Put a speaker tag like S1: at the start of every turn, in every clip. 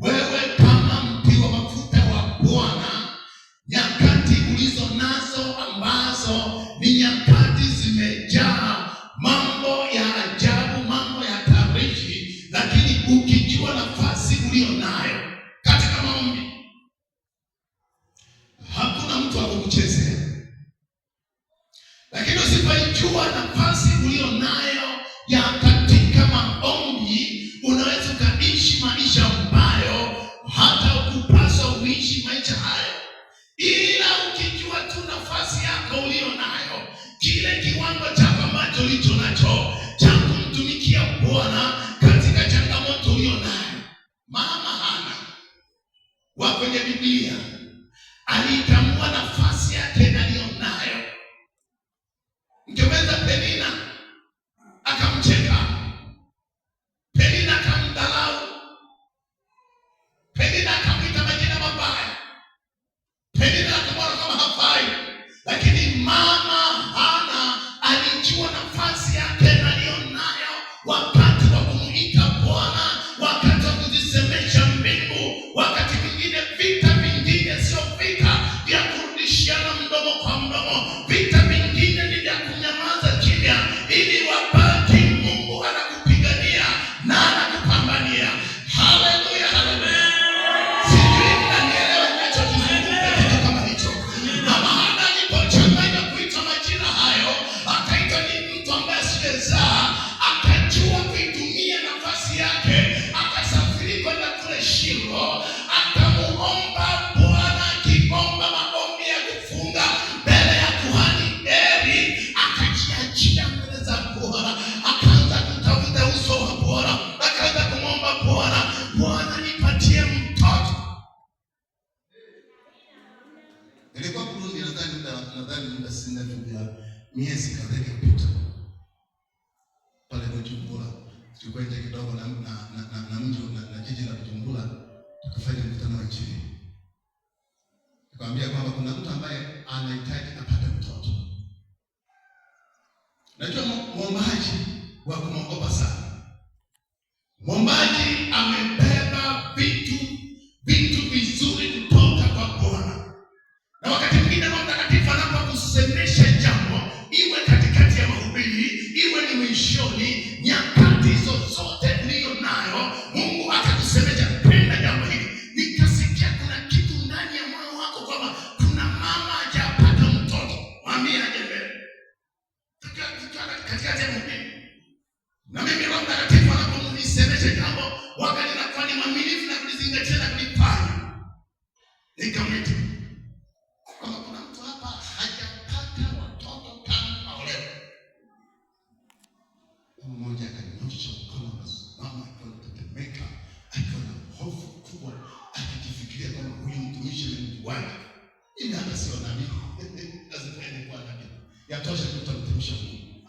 S1: Wewe kama mti wa mafuta wa Bwana, nyakati ulizo nazo ambazo ni nyakati zimejaa mambo ya ajabu, mambo ya tarishi, lakini ukijua nafasi ulio nayo katika maombi, hakuna mtu akukuchezea, lakini usipoijua nafasi ulio nayo ya tu nafasi yako uliyo nayo, kile kiwango chako ambacho ulicho nacho cha kumtumikia Bwana katika changamoto uliyo nayo. Mama Hana wa kwenye Biblia
S2: nadhani muda sina mrefu ya miezi kadhaa iliyopita pale Bujumbura, tulikuwa nje kidogo na na mji na jiji la Bujumbura, tukafanya mkutano wa chini, Nikamwambia kwamba kuna mtu ambaye anahitaji apate mtoto.
S1: Najua muombaji wa kumwogopa sana katika jamii. Na mimi Roho Mtakatifu anaponisemesha jambo wakati nakuwa ni mwaminifu na kulizingatia na kulifanya, nikamwita kama kuna mtu hapa hajapata watoto tangu aolewe.
S2: Mmoja akanyosha mkono na simama akiwa anatetemeka, akiwa na hofu kubwa, akijifikiria kama huyu mtumishi ni mtu wake, ili hata sio nabii, lazima kuwa nabii. Yatosha kumtamtamsha Mungu.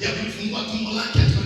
S1: ya kulifungua tumbo lake